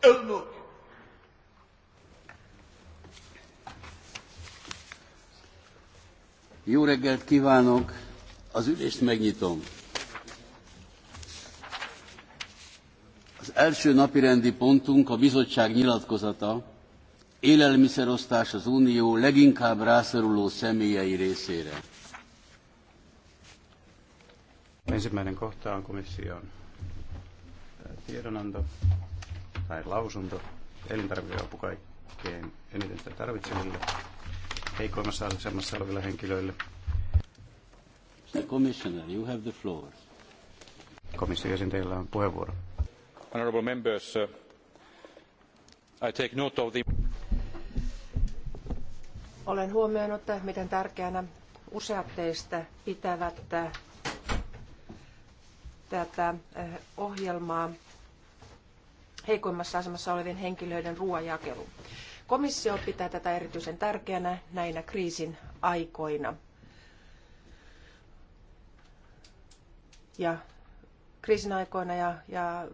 elnök! Jó reggelt kívánok! Az ülést megnyitom. Az első napi rendi pontunk a bizottság nyilatkozata, élelmiszerosztás az Unió leginkább rászoruló személyei részére. Ensimmäinen kohta on komission tiedonanto tai lausunto, elintarvikeapu kaikkein eniten sitä tarvitseville, heikoimmassa asemassa oleville henkilöille. Mr. Commissioner, you have the floor. Komission jäsen, teillä on puheenvuoro. Honorable members, uh, I take note of the... Olen huomioinut, miten tärkeänä useat teistä pitävät uh, tätä uh, ohjelmaa heikoimmassa asemassa olevien henkilöiden ruoanjakelu. Komissio pitää tätä erityisen tärkeänä näinä kriisin aikoina. Ja kriisin aikoina ja, ja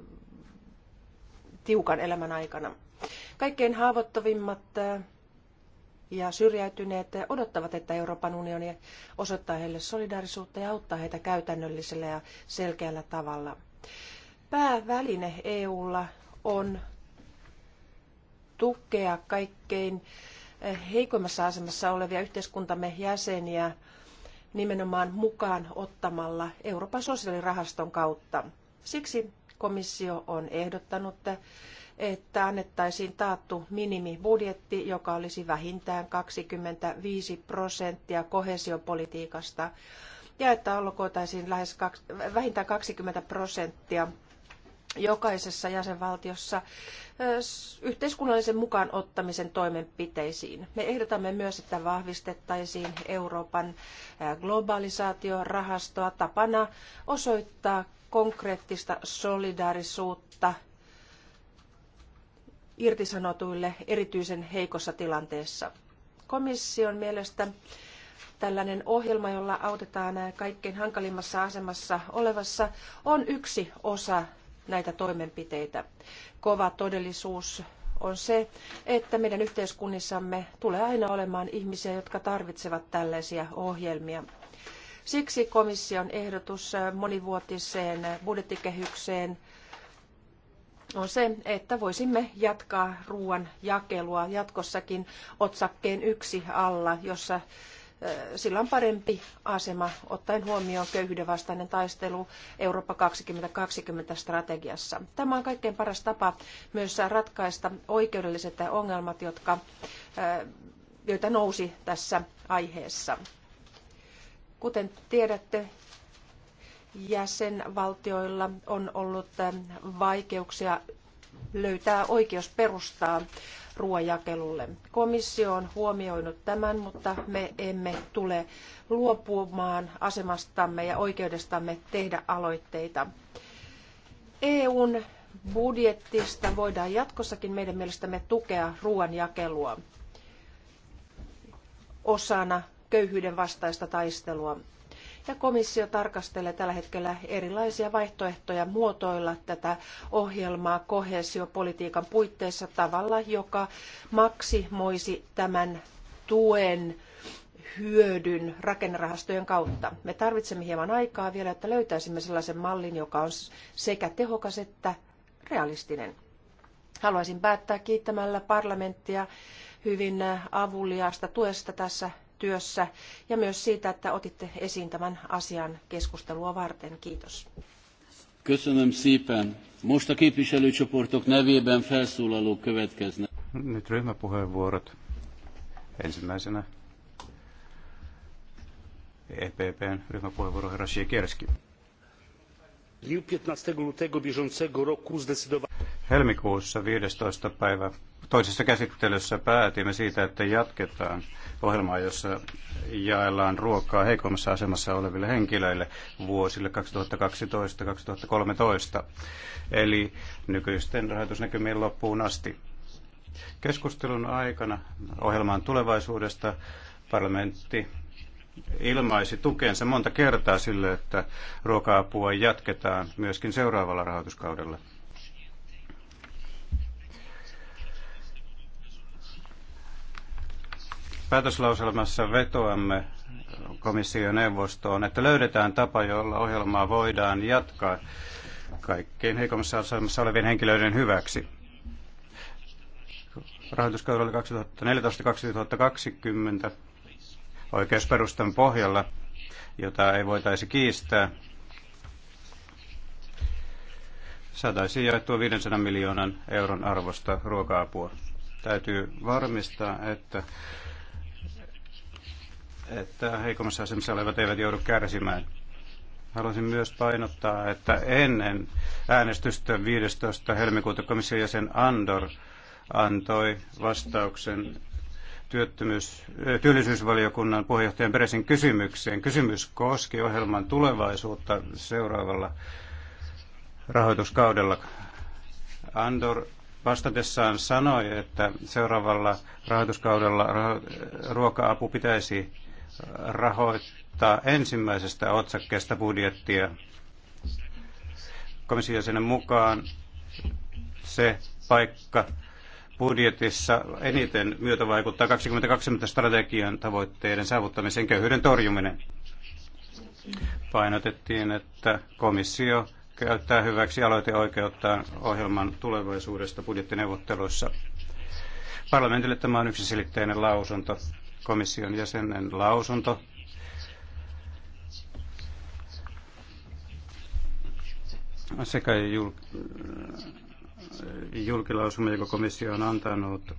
tiukan elämän aikana. Kaikkein haavoittuvimmat äh, ja syrjäytyneet odottavat, että Euroopan unioni osoittaa heille solidaarisuutta ja auttaa heitä käytännöllisellä ja selkeällä tavalla. Pääväline EUlla on tukea kaikkein heikoimmassa asemassa olevia yhteiskuntamme jäseniä nimenomaan mukaan ottamalla Euroopan sosiaalirahaston kautta. Siksi komissio on ehdottanut, että annettaisiin taattu minimibudjetti, joka olisi vähintään 25 prosenttia kohesiopolitiikasta ja että allokoitaisiin lähes vähintään 20 prosenttia jokaisessa jäsenvaltiossa yhteiskunnallisen mukaan ottamisen toimenpiteisiin. Me ehdotamme myös, että vahvistettaisiin Euroopan globalisaatiorahastoa tapana osoittaa konkreettista solidaarisuutta irtisanotuille erityisen heikossa tilanteessa. Komission mielestä tällainen ohjelma, jolla autetaan kaikkein hankalimmassa asemassa olevassa, on yksi osa näitä toimenpiteitä. Kova todellisuus on se, että meidän yhteiskunnissamme tulee aina olemaan ihmisiä, jotka tarvitsevat tällaisia ohjelmia. Siksi komission ehdotus monivuotiseen budjettikehykseen on se, että voisimme jatkaa ruoan jakelua jatkossakin otsakkeen yksi alla, jossa sillä on parempi asema ottaen huomioon köyhyyden vastainen taistelu Eurooppa 2020 strategiassa. Tämä on kaikkein paras tapa myös ratkaista oikeudelliset ongelmat, jotka, joita nousi tässä aiheessa. Kuten tiedätte, jäsenvaltioilla on ollut vaikeuksia löytää oikeus perustaa ruoanjakelulle. Komissio on huomioinut tämän, mutta me emme tule luopumaan asemastamme ja oikeudestamme tehdä aloitteita. EUn budjettista voidaan jatkossakin meidän mielestämme tukea ruoanjakelua osana köyhyyden vastaista taistelua ja komissio tarkastelee tällä hetkellä erilaisia vaihtoehtoja muotoilla tätä ohjelmaa koheesiopolitiikan puitteissa tavalla, joka maksimoisi tämän tuen hyödyn rakennerahastojen kautta. Me tarvitsemme hieman aikaa vielä, että löytäisimme sellaisen mallin, joka on sekä tehokas että realistinen. Haluaisin päättää kiittämällä parlamenttia hyvin avuliaasta tuesta tässä työssä ja myös siitä, että otitte esiin tämän asian keskustelua varten. Kiitos. Köszönöm szépen. Most a képviselőcsoportok nevében felszólalók következnek. Nyt ryhmäpuheenvuorot. Ensimmäisenä EPPn ryhmäpuheenvuoro herra Siekierski. W 15 lutego bieżącego roku zdecydowałem... Helmikuussa 15. päivä toisessa käsittelyssä päätimme siitä, että jatketaan ohjelmaa, jossa jaellaan ruokaa heikommassa asemassa oleville henkilöille vuosille 2012-2013, eli nykyisten rahoitusnäkymien loppuun asti. Keskustelun aikana ohjelmaan tulevaisuudesta parlamentti ilmaisi tukensa monta kertaa sille, että ruoka-apua jatketaan myöskin seuraavalla rahoituskaudella. Päätöslauselmassa vetoamme komission neuvostoon, että löydetään tapa, jolla ohjelmaa voidaan jatkaa kaikkein heikommassa asemassa olevien henkilöiden hyväksi. Rahoituskaudella 2014-2020 oikeusperustan pohjalla, jota ei voitaisi kiistää, saataisiin jaettua 500 miljoonan euron arvosta ruoka-apua. Täytyy varmistaa, että että heikommassa asemassa olevat eivät joudu kärsimään. Haluaisin myös painottaa, että ennen äänestystä 15. helmikuuta komission jäsen Andor antoi vastauksen työttömyys, eh, työllisyysvaliokunnan puheenjohtajan Peresin kysymykseen. Kysymys koski ohjelman tulevaisuutta seuraavalla rahoituskaudella. Andor vastatessaan sanoi, että seuraavalla rahoituskaudella ruoka-apu pitäisi rahoittaa ensimmäisestä otsakkeesta budjettia. Komission mukaan se paikka budjetissa eniten myötä vaikuttaa 2020 strategian tavoitteiden saavuttamisen köyhyyden torjuminen. Painotettiin, että komissio käyttää hyväksi aloiteoikeuttaan ohjelman tulevaisuudesta budjettineuvotteluissa. Parlamentille tämä on yksiselitteinen lausunto komission jäsenen lausunto sekä jul, julkilausuma, joka komissio on antanut.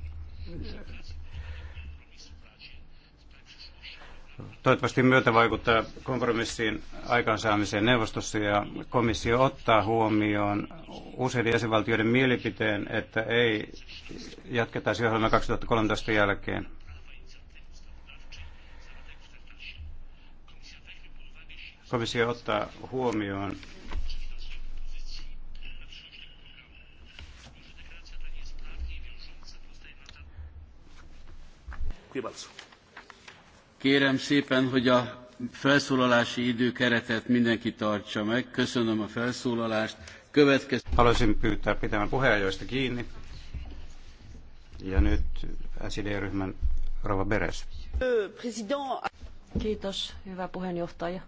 Toivottavasti myötä vaikuttaa kompromissiin aikaansaamiseen neuvostossa ja komissio ottaa huomioon useiden jäsenvaltioiden mielipiteen, että ei jatketaisi ohjelma 2013 jälkeen. komissio ottaa huomioon Kérem szépen, hogy a felszólalási időkeretet mindenki tartsa meg. Köszönöm a felszólalást. Következő... Haluaisin pyytää pitämään puheenjoista kiinni. Ja nyt SID-ryhmän Rova Beres. Kiitos, hyvä puheenjohtaja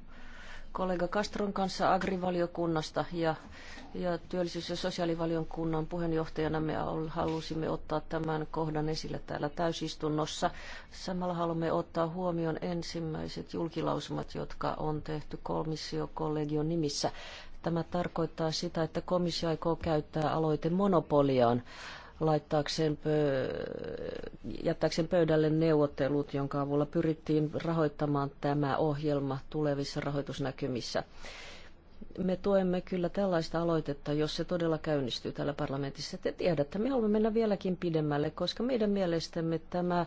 kollega Castron kanssa agrivaliokunnasta ja, ja työllisyys- ja sosiaalivaliokunnan puheenjohtajana me halusimme ottaa tämän kohdan esille täällä täysistunnossa. Samalla haluamme ottaa huomioon ensimmäiset julkilausumat, jotka on tehty komissiokollegion nimissä. Tämä tarkoittaa sitä, että komissio aikoo käyttää aloite monopoliaan laittaakseen pö- jättääkseen pöydälle neuvottelut, jonka avulla pyrittiin rahoittamaan tämä ohjelma tulevissa rahoitusnäkymissä. Me tuemme kyllä tällaista aloitetta, jos se todella käynnistyy täällä parlamentissa. Te tiedätte, me haluamme mennä vieläkin pidemmälle, koska meidän mielestämme tämä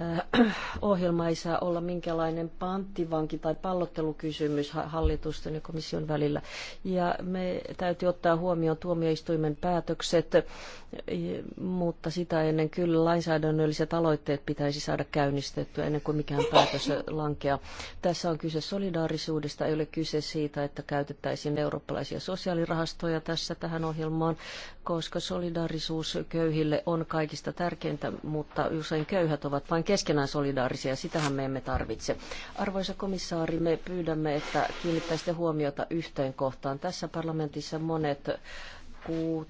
Äh, ohjelma ei saa olla minkälainen panttivanki tai pallottelukysymys hallitusten ja komission välillä. Ja me täytyy ottaa huomioon tuomioistuimen päätökset, äh, mutta sitä ennen kyllä lainsäädännölliset aloitteet pitäisi saada käynnistettyä ennen kuin mikään päätös lankeaa. Tässä on kyse solidaarisuudesta, ei ole kyse siitä, että käytettäisiin eurooppalaisia sosiaalirahastoja tässä tähän ohjelmaan, koska solidaarisuus köyhille on kaikista tärkeintä, mutta usein köyhät ovat vain keskenään solidaarisia, sitähän me emme tarvitse. Arvoisa komissaari, me pyydämme, että kiinnittäisitte huomiota yhteen kohtaan. Tässä parlamentissa monet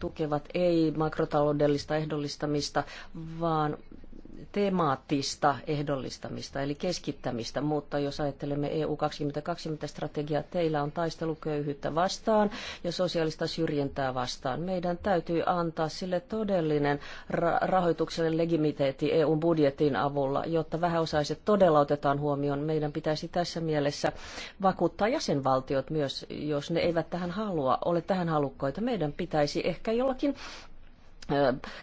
tukevat ei makrotaloudellista ehdollistamista, vaan temaattista ehdollistamista, eli keskittämistä, mutta jos ajattelemme EU 2020-strategiaa, teillä on taisteluköyhyyttä vastaan ja sosiaalista syrjintää vastaan. Meidän täytyy antaa sille todellinen ra- rahoitukselle legimiteetti EUn budjetin avulla, jotta vähäosaiset todella otetaan huomioon. Meidän pitäisi tässä mielessä vakuuttaa jäsenvaltiot myös, jos ne eivät tähän halua, ole tähän halukkaita. Meidän pitäisi ehkä jollakin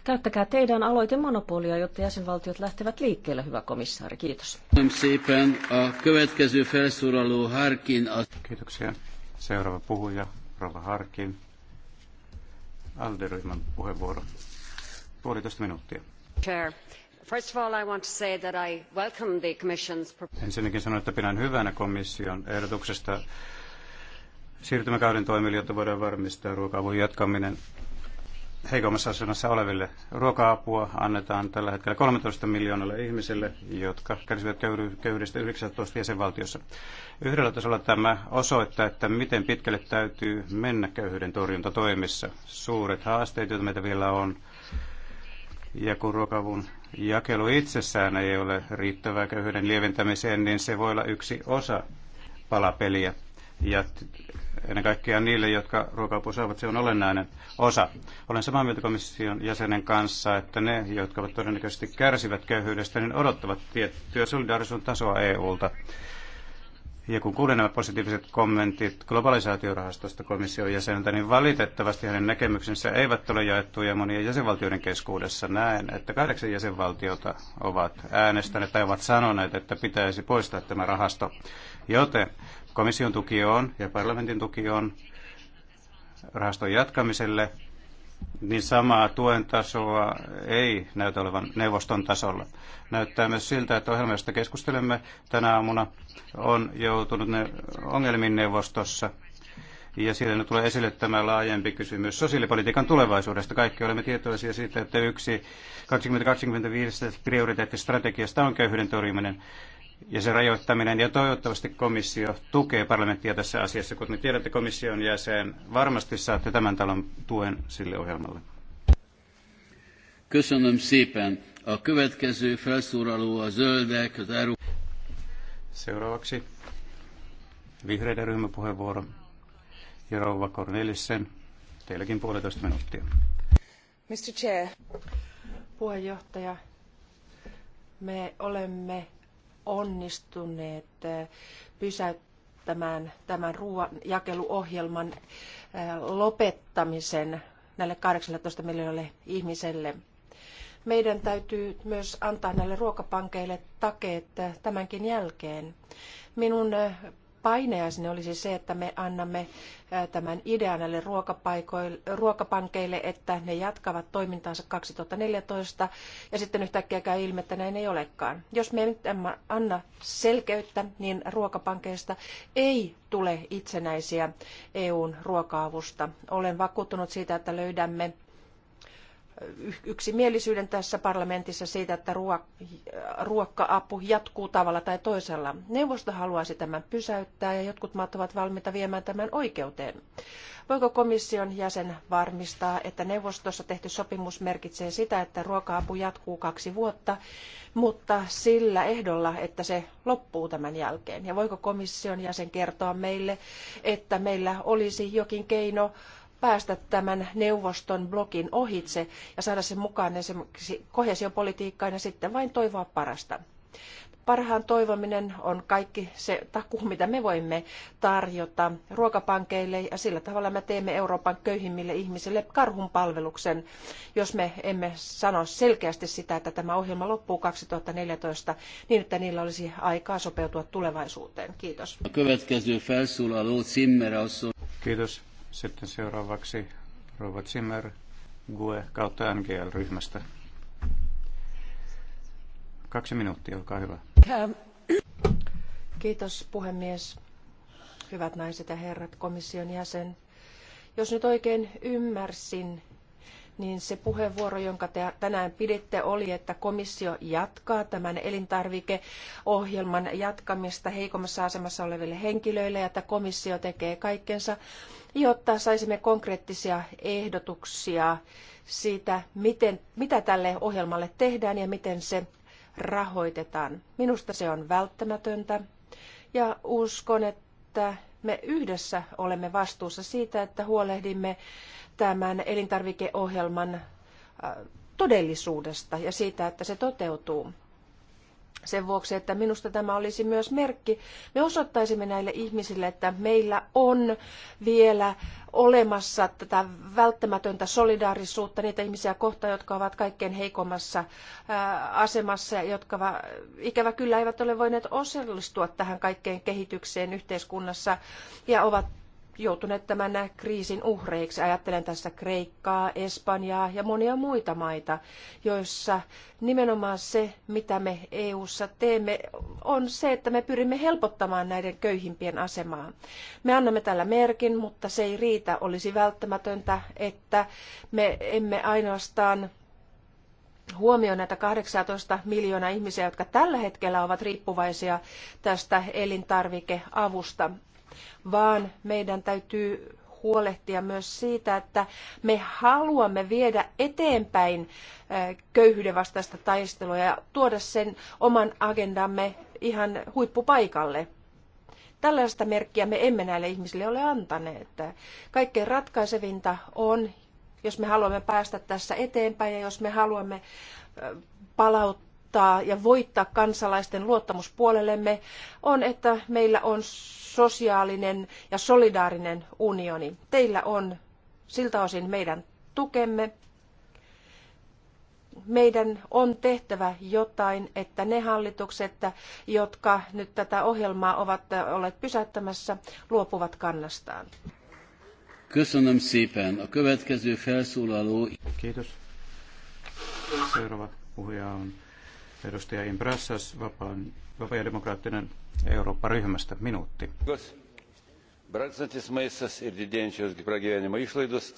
Käyttäkää teidän monopolia, jotta jäsenvaltiot lähtevät liikkeelle, hyvä komissaari. Kiitos. Kiitoksia. Seuraava puhuja, Rova Harkin. Alderyhmän puheenvuoro. Puolitoista minuuttia. Chair. First of all, I want to say that I welcome the commission's... Ensinnäkin sanon, että pidän hyvänä komission ehdotuksesta siirtymäkauden toimille, jotta voidaan varmistaa ruoka jatkaminen heikommassa asemassa oleville. Ruoka-apua annetaan tällä hetkellä 13 miljoonalle ihmiselle, jotka kärsivät köyhyydestä 19 jäsenvaltiossa. Yhdellä tasolla tämä osoittaa, että miten pitkälle täytyy mennä köyhyyden torjuntatoimissa. Suuret haasteet, joita meitä vielä on, ja kun ruokavun jakelu itsessään ei ole riittävää köyhyyden lieventämiseen, niin se voi olla yksi osa palapeliä ja ennen kaikkea niille, jotka ruoka saavat, se on olennainen osa. Olen samaa mieltä komission jäsenen kanssa, että ne, jotka ovat todennäköisesti kärsivät köyhyydestä, niin odottavat tiettyä solidaarisuuden tasoa EUlta. Ja kun kuulen nämä positiiviset kommentit globalisaatiorahastosta komission jäseneltä, niin valitettavasti hänen näkemyksensä eivät ole jaettuja monien jäsenvaltioiden keskuudessa. Näen, että kahdeksan jäsenvaltiota ovat äänestäneet tai ovat sanoneet, että pitäisi poistaa tämä rahasto. Joten komission tuki on ja parlamentin tuki on rahaston jatkamiselle, niin samaa tuen tasoa ei näytä olevan neuvoston tasolla. Näyttää myös siltä, että ohjelma, josta keskustelemme tänä aamuna, on joutunut ne ongelmiin neuvostossa. Ja siellä nyt tulee esille tämä laajempi kysymys sosiaalipolitiikan tulevaisuudesta. Kaikki olemme tietoisia siitä, että yksi 2025 prioriteettistrategiasta on köyhyyden torjuminen ja se rajoittaminen. Ja toivottavasti komissio tukee parlamenttia tässä asiassa. Kuten tiedätte, komission jäsen, varmasti saatte tämän talon tuen sille ohjelmalle. Köszönöm szépen. A következő felszólaló a zöldek, az Euró... Seuraavaksi vihreiden ryhmäpuheenvuoro. Jorova Cornelissen, teilläkin puolitoista minuuttia. Mr. Chair. Puheenjohtaja, me olemme onnistuneet eh, pysäyttämään tämän ruoan jakeluohjelman eh, lopettamisen näille 18 miljoonalle ihmiselle. Meidän täytyy myös antaa näille ruokapankeille takeet eh, tämänkin jälkeen. Minun painajaisena olisi se, että me annamme tämän idean näille ruokapankeille, että ne jatkavat toimintaansa 2014 ja sitten yhtäkkiä käy ilmi, että näin ei olekaan. Jos me emme anna selkeyttä, niin ruokapankeista ei tule itsenäisiä EUn ruoka-avusta. Olen vakuuttunut siitä, että löydämme yksimielisyyden tässä parlamentissa siitä, että ruokka-apu jatkuu tavalla tai toisella. Neuvosto haluaisi tämän pysäyttää ja jotkut maat ovat valmiita viemään tämän oikeuteen. Voiko komission jäsen varmistaa, että neuvostossa tehty sopimus merkitsee sitä, että ruoka-apu jatkuu kaksi vuotta, mutta sillä ehdolla, että se loppuu tämän jälkeen? Ja voiko komission jäsen kertoa meille, että meillä olisi jokin keino päästä tämän neuvoston blokin ohitse ja saada sen mukaan esimerkiksi kohesiopolitiikkaan ja sitten vain toivoa parasta. Parhaan toivominen on kaikki se takuu, mitä me voimme tarjota ruokapankeille ja sillä tavalla me teemme Euroopan köyhimmille ihmisille karhunpalveluksen, jos me emme sano selkeästi sitä, että tämä ohjelma loppuu 2014 niin, että niillä olisi aikaa sopeutua tulevaisuuteen. Kiitos. Kiitos. Sitten seuraavaksi Rova Zimmer GUE kautta NGL-ryhmästä. Kaksi minuuttia, olkaa hyvä. Kiitos puhemies. Hyvät naiset ja herrat, komission jäsen. Jos nyt oikein ymmärsin, niin se puheenvuoro, jonka te tänään piditte, oli, että komissio jatkaa tämän elintarvikeohjelman jatkamista heikommassa asemassa oleville henkilöille ja että komissio tekee kaikkensa, jotta saisimme konkreettisia ehdotuksia siitä, miten, mitä tälle ohjelmalle tehdään ja miten se rahoitetaan. Minusta se on välttämätöntä ja uskon, että me yhdessä olemme vastuussa siitä, että huolehdimme tämän elintarvikeohjelman äh, todellisuudesta ja siitä, että se toteutuu sen vuoksi, että minusta tämä olisi myös merkki. Me osoittaisimme näille ihmisille, että meillä on vielä olemassa tätä välttämätöntä solidaarisuutta niitä ihmisiä kohtaan, jotka ovat kaikkein heikommassa asemassa ja jotka va, ikävä kyllä eivät ole voineet osallistua tähän kaikkeen kehitykseen yhteiskunnassa ja ovat joutuneet tämän kriisin uhreiksi. Ajattelen tässä Kreikkaa, Espanjaa ja monia muita maita, joissa nimenomaan se, mitä me EU:ssa teemme, on se, että me pyrimme helpottamaan näiden köyhimpien asemaa. Me annamme tällä merkin, mutta se ei riitä. Olisi välttämätöntä, että me emme ainoastaan huomioon näitä 18 miljoonaa ihmisiä, jotka tällä hetkellä ovat riippuvaisia tästä elintarvikeavusta vaan meidän täytyy huolehtia myös siitä, että me haluamme viedä eteenpäin köyhyyden vastaista taistelua ja tuoda sen oman agendamme ihan huippupaikalle. Tällaista merkkiä me emme näille ihmisille ole antaneet. Kaikkein ratkaisevinta on, jos me haluamme päästä tässä eteenpäin ja jos me haluamme palauttaa johtaa ja voittaa kansalaisten luottamus puolellemme on, että meillä on sosiaalinen ja solidaarinen unioni. Teillä on siltä osin meidän tukemme. Meidän on tehtävä jotain, että ne hallitukset, jotka nyt tätä ohjelmaa ovat olleet pysäyttämässä, luopuvat kannastaan. Köszönöm szépen. A következő felszólaló... Kiitos. Seuraava puhuja on Edustaja Imbrassas, vapaan, vapaa- ja demokraattinen Eurooppa-ryhmästä, minuutti.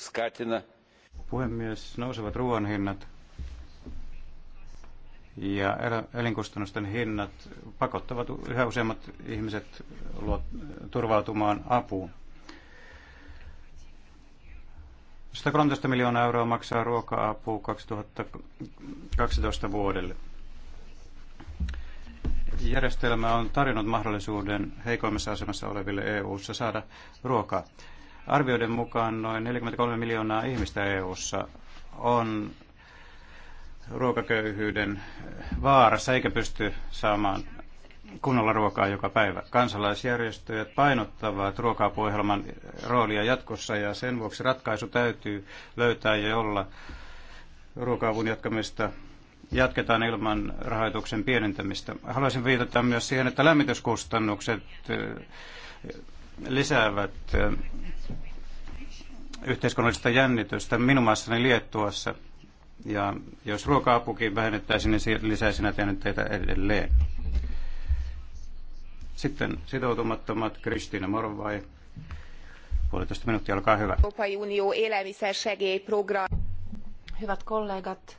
skatina. Puhemies, nousevat ruoan hinnat ja elinkustannusten hinnat pakottavat yhä useammat ihmiset turvautumaan apuun. 113 miljoonaa euroa maksaa ruoka-apu 2012 vuodelle järjestelmä on tarjonnut mahdollisuuden heikoimmassa asemassa oleville EU-ssa saada ruokaa. Arvioiden mukaan noin 43 miljoonaa ihmistä EU-ssa on ruokaköyhyyden vaarassa eikä pysty saamaan kunnolla ruokaa joka päivä. Kansalaisjärjestöjät painottavat ruokapuohjelman roolia jatkossa ja sen vuoksi ratkaisu täytyy löytää ja olla ruokaavun jatkamista jatketaan ilman rahoituksen pienentämistä. Haluaisin viitata myös siihen, että lämmityskustannukset eh, lisäävät eh, yhteiskunnallista jännitystä minun maassani Liettuassa. Ja jos ruoka-apukin vähennettäisiin, niin lisäisi näitä jännitteitä edelleen. Sitten sitoutumattomat Kristiina Morvai. Puolitoista minuuttia, olkaa hyvä. Hyvät kollegat,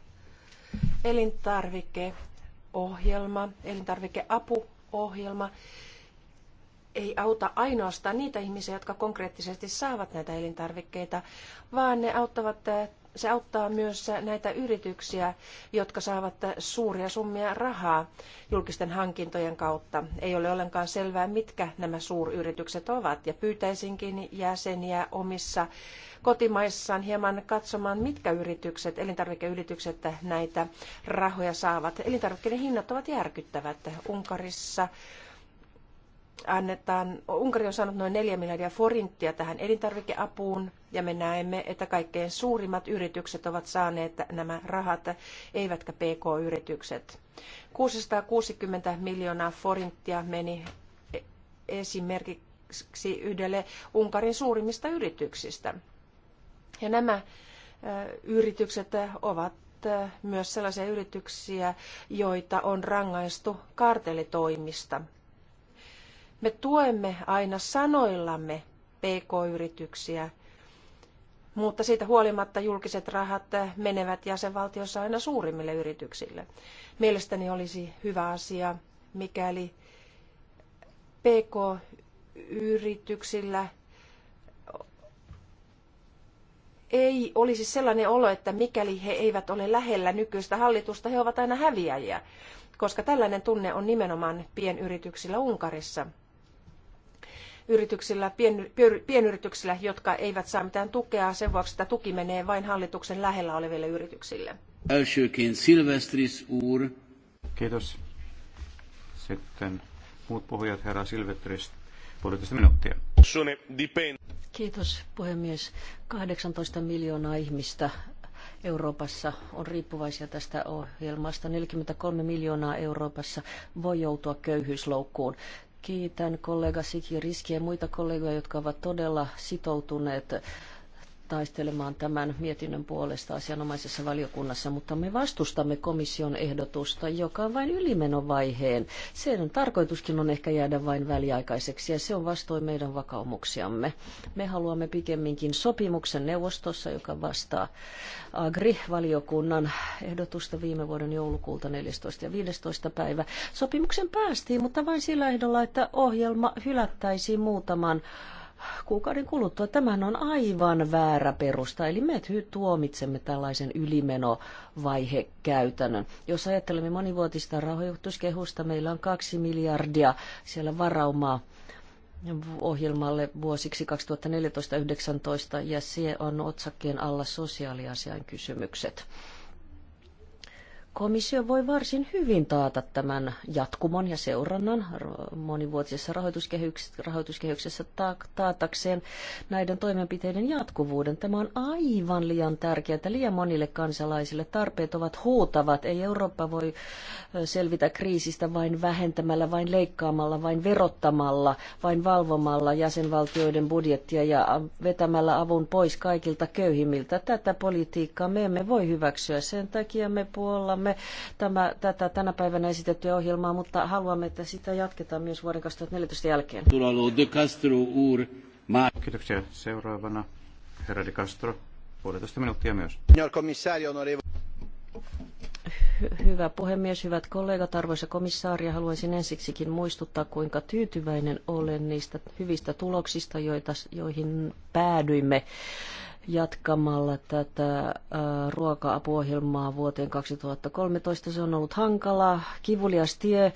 elintarvikeohjelma, elintarvikeapuohjelma ei auta ainoastaan niitä ihmisiä, jotka konkreettisesti saavat näitä elintarvikkeita, vaan ne auttavat se auttaa myös näitä yrityksiä, jotka saavat suuria summia rahaa julkisten hankintojen kautta. Ei ole ollenkaan selvää, mitkä nämä suuryritykset ovat, ja pyytäisinkin jäseniä omissa kotimaissaan hieman katsomaan, mitkä yritykset, elintarvikeyritykset näitä rahoja saavat. Elintarvikkeiden hinnat ovat järkyttävät. Unkarissa annetaan, Unkari on saanut noin 4 miljardia forinttia tähän elintarvikeapuun, ja me näemme, että kaikkein suurimmat yritykset ovat saaneet nämä rahat, eivätkä PK-yritykset. 660 miljoonaa forintia meni esimerkiksi yhdelle Unkarin suurimmista yrityksistä. Ja nämä yritykset ovat myös sellaisia yrityksiä, joita on rangaistu kartelitoimista. Me tuemme aina sanoillamme pk-yrityksiä, mutta siitä huolimatta julkiset rahat menevät jäsenvaltiossa aina suurimmille yrityksille. Mielestäni olisi hyvä asia, mikäli PK-yrityksillä ei olisi sellainen olo, että mikäli he eivät ole lähellä nykyistä hallitusta, he ovat aina häviäjiä, koska tällainen tunne on nimenomaan pienyrityksillä Unkarissa – yrityksillä, pien, pienyrityksillä, jotka eivät saa mitään tukea sen vuoksi, että tuki menee vain hallituksen lähellä oleville yrityksille. Kiitos. Sitten muut puhujat, herra Silvestris, puolitoista minuuttia. Kiitos puhemies. 18 miljoonaa ihmistä Euroopassa on riippuvaisia tästä ohjelmasta. 43 miljoonaa Euroopassa voi joutua köyhyysloukkuun. Kiitän kollega Siki ja muita kollegoja, jotka ovat todella sitoutuneet taistelemaan tämän mietinnön puolesta asianomaisessa valiokunnassa, mutta me vastustamme komission ehdotusta, joka on vain ylimenovaiheen. Sen tarkoituskin on ehkä jäädä vain väliaikaiseksi ja se on vastoin meidän vakaumuksiamme. Me haluamme pikemminkin sopimuksen neuvostossa, joka vastaa Agri-valiokunnan ehdotusta viime vuoden joulukuulta 14. ja 15. päivä. Sopimuksen päästiin, mutta vain sillä ehdolla, että ohjelma hylättäisiin muutaman kuukauden kuluttua. Tämän on aivan väärä perusta. Eli me tuomitsemme tällaisen ylimenovaihekäytännön. Jos ajattelemme monivuotista rahoituskehusta, meillä on kaksi miljardia siellä varaumaa ohjelmalle vuosiksi 2014-2019 ja se on otsakkeen alla sosiaaliasian kysymykset komissio voi varsin hyvin taata tämän jatkumon ja seurannan monivuotisessa rahoituskehyksessä, rahoituskehyksessä taatakseen näiden toimenpiteiden jatkuvuuden. Tämä on aivan liian tärkeää liian monille kansalaisille. Tarpeet ovat huutavat. Ei Eurooppa voi selvitä kriisistä vain vähentämällä, vain leikkaamalla, vain verottamalla, vain valvomalla jäsenvaltioiden budjettia ja vetämällä avun pois kaikilta köyhimmiltä. Tätä politiikkaa me emme voi hyväksyä. Sen takia me puollamme tuemme tämä, tätä tänä päivänä esitettyä ohjelmaa, mutta haluamme, että sitä jatketaan myös vuoden 2014 jälkeen. Kiitoksia. Seuraavana herra De Castro, puolitoista minuuttia myös. Hyvä puhemies, hyvät kollegat, arvoisa komissaari, haluaisin ensiksikin muistuttaa, kuinka tyytyväinen olen niistä hyvistä tuloksista, joita, joihin päädyimme jatkamalla tätä ruoka-apuohjelmaa vuoteen 2013. Se on ollut hankala, kivulias tie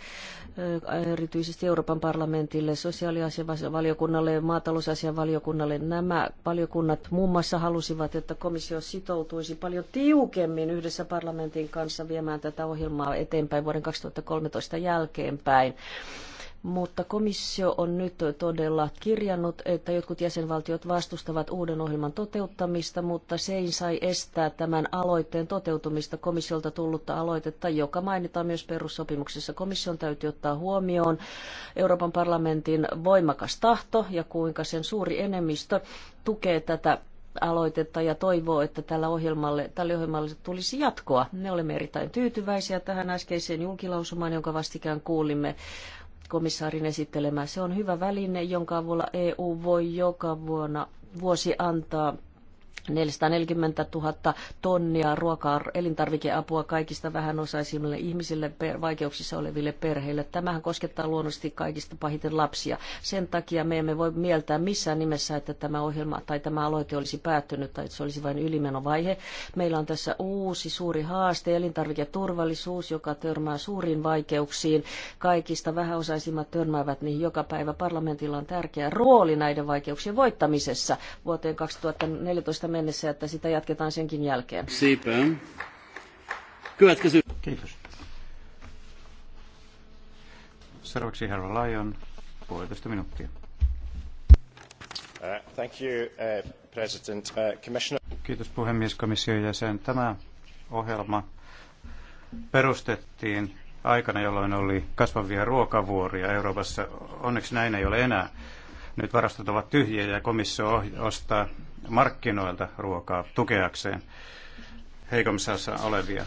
erityisesti Euroopan parlamentille, sosiaaliasiavaliokunnalle ja maatalousasiavaliokunnalle. Nämä valiokunnat muun muassa halusivat, että komissio sitoutuisi paljon tiukemmin yhdessä parlamentin kanssa viemään tätä ohjelmaa eteenpäin vuoden 2013 jälkeenpäin mutta komissio on nyt todella kirjannut, että jotkut jäsenvaltiot vastustavat uuden ohjelman toteuttamista, mutta se ei sai estää tämän aloitteen toteutumista komissiolta tullutta aloitetta, joka mainitaan myös perussopimuksessa. Komission täytyy ottaa huomioon Euroopan parlamentin voimakas tahto ja kuinka sen suuri enemmistö tukee tätä aloitetta ja toivoo, että tällä ohjelmalle, tälle ohjelmalle tulisi jatkoa. Me olemme erittäin tyytyväisiä tähän äskeiseen julkilausumaan, jonka vastikään kuulimme komissaarin esittelemää. Se on hyvä väline, jonka avulla EU voi joka vuonna, vuosi antaa 440 000 tonnia ruokaa, elintarvikeapua kaikista vähänosaisimmille ihmisille, vaikeuksissa oleville perheille. Tämähän koskettaa luonnollisesti kaikista pahiten lapsia. Sen takia me emme voi mieltää missään nimessä, että tämä ohjelma tai tämä aloite olisi päättynyt tai että se olisi vain ylimenovaihe. Meillä on tässä uusi suuri haaste, elintarviketurvallisuus, joka törmää suuriin vaikeuksiin. Kaikista vähäosaisimmat törmäävät niihin joka päivä. Parlamentilla on tärkeä rooli näiden vaikeuksien voittamisessa. Vuoteen 2014 mennessä, että sitä jatketaan senkin jälkeen. Siipä. Kiitos. Seuraavaksi herra Lyon, puolitoista minuuttia. Uh, thank you, uh, President, uh, Commissioner. Kiitos puhemies komission jäsen. Tämä ohjelma perustettiin aikana, jolloin oli kasvavia ruokavuoria Euroopassa. Onneksi näin ei ole enää. Nyt varastot ovat tyhjiä ja komissio ostaa markkinoilta ruokaa tukeakseen heikommassa olevia.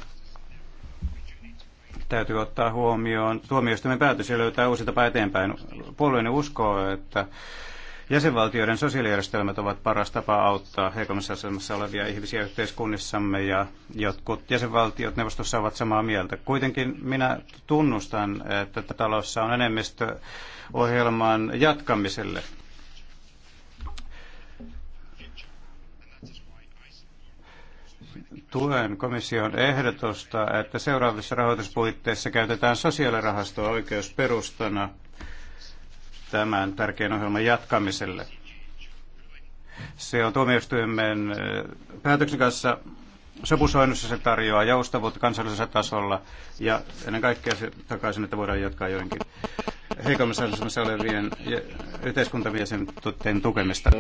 Täytyy ottaa huomioon tuomioistuimen päätös ja löytää uusi tapa eteenpäin. Puolueeni uskoo, että jäsenvaltioiden sosiaalijärjestelmät ovat paras tapa auttaa heikommassa asemassa olevia ihmisiä yhteiskunnissamme ja jotkut jäsenvaltiot neuvostossa ovat samaa mieltä. Kuitenkin minä tunnustan, että talossa on enemmistö ohjelman jatkamiselle tuen komission ehdotusta, että seuraavissa rahoituspuitteissa käytetään sosiaalirahastoa oikeusperustana tämän tärkeän ohjelman jatkamiselle. Se on tuomioistuimen päätöksen kanssa sopusoinnussa se tarjoaa joustavuutta kansallisella tasolla ja ennen kaikkea se takaisin, että voidaan jatkaa joidenkin heikommassa asemassa olevien yhteiskuntamiesen tukemista.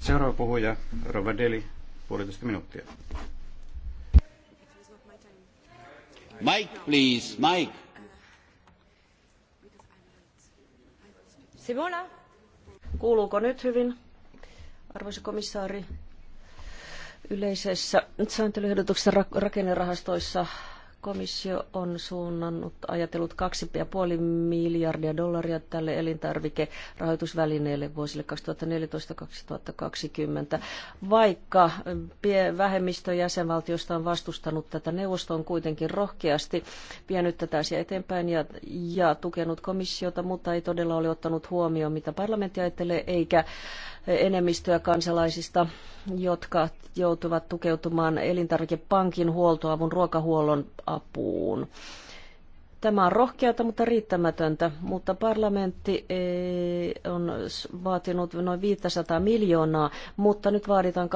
Seuraava puhuja, Rova Deli, puolitoista minuuttia. Mike, please, Mike. Simona, kuuluuko nyt hyvin? Arvoisa komissaari, yleisessä sääntelyehdotuksessa rakennerahastoissa Komissio on suunnannut ajatellut 2,5 miljardia dollaria tälle elintarvikerahoitusvälineelle vuosille 2014-2020. Vaikka vähemmistö jäsenvaltiosta on vastustanut tätä, neuvosto on kuitenkin rohkeasti vienyt tätä asiaa eteenpäin ja, ja tukenut komissiota, mutta ei todella ole ottanut huomioon, mitä parlamentti ajattelee, eikä enemmistöä kansalaisista, jotka joutuvat tukeutumaan elintarvikepankin huoltoavun ruokahuollon apuun. Tämä on rohkeata, mutta riittämätöntä, mutta parlamentti eh, on vaatinut noin 500 miljoonaa, mutta nyt vaaditaan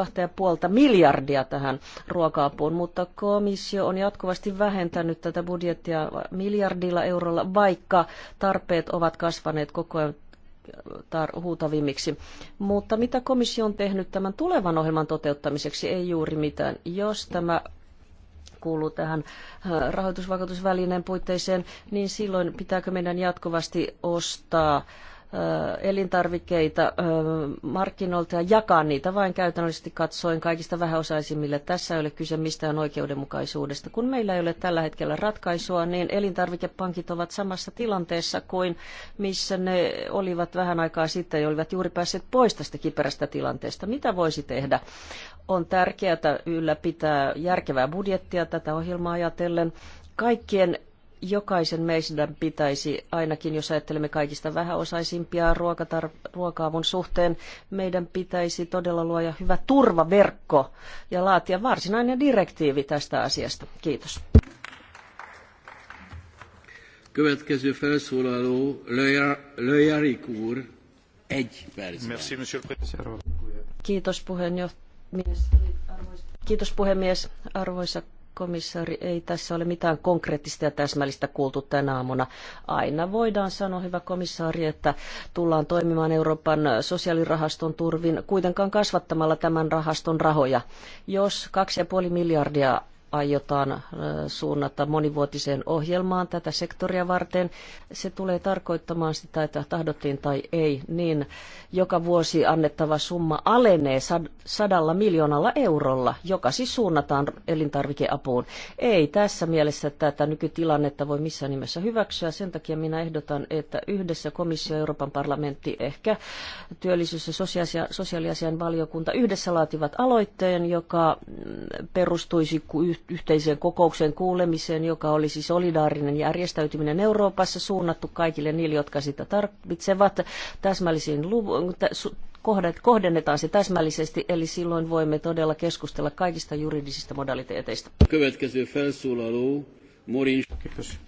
2,5 miljardia tähän ruoka-apuun, mutta komissio on jatkuvasti vähentänyt tätä budjettia miljardilla eurolla, vaikka tarpeet ovat kasvaneet koko ajan tar- huutavimmiksi. Mutta mitä komissio on tehnyt tämän tulevan ohjelman toteuttamiseksi? Ei juuri mitään. Jos tämä kuuluu tähän äh, rahoitusvakuutusvälineen puitteiseen, niin silloin pitääkö meidän jatkuvasti ostaa elintarvikkeita markkinoilta ja jakaa niitä vain käytännöllisesti katsoen kaikista vähäosaisimmille. Tässä ei ole kyse mistään oikeudenmukaisuudesta. Kun meillä ei ole tällä hetkellä ratkaisua, niin elintarvikepankit ovat samassa tilanteessa kuin missä ne olivat vähän aikaa sitten ja olivat juuri päässeet pois tästä kiperästä tilanteesta. Mitä voisi tehdä? On tärkeää ylläpitää järkevää budjettia tätä ohjelmaa ajatellen. Kaikkien jokaisen meidän pitäisi, ainakin jos ajattelemme kaikista vähäosaisimpia ruokatar- ruoka-avun suhteen, meidän pitäisi todella luoda hyvä turvaverkko ja laatia varsinainen direktiivi tästä asiasta. Kiitos. Következő felszólaló Löjarik egy Kiitos puheenjohtaja. kiitos puhemies, arvoisa komissaari, ei tässä ole mitään konkreettista ja täsmällistä kuultu tänä aamuna. Aina voidaan sanoa, hyvä komissaari, että tullaan toimimaan Euroopan sosiaalirahaston turvin, kuitenkaan kasvattamalla tämän rahaston rahoja. Jos 2,5 miljardia aiotaan suunnata monivuotiseen ohjelmaan tätä sektoria varten. Se tulee tarkoittamaan sitä, että tahdottiin tai ei, niin joka vuosi annettava summa alenee sadalla miljoonalla eurolla, joka siis suunnataan elintarvikeapuun. Ei tässä mielessä tätä nykytilannetta voi missään nimessä hyväksyä. Sen takia minä ehdotan, että yhdessä komissio Euroopan parlamentti, ehkä työllisyys- ja sosiaaliasian valiokunta yhdessä laativat aloitteen, joka mm, perustuisi yhteiseen kokoukseen kuulemiseen, joka olisi siis solidaarinen järjestäytyminen Euroopassa suunnattu kaikille niille, jotka sitä tarvitsevat täsmällisiin luvun, kohdennetaan se täsmällisesti, eli silloin voimme todella keskustella kaikista juridisista modaliteeteista. Kiitos.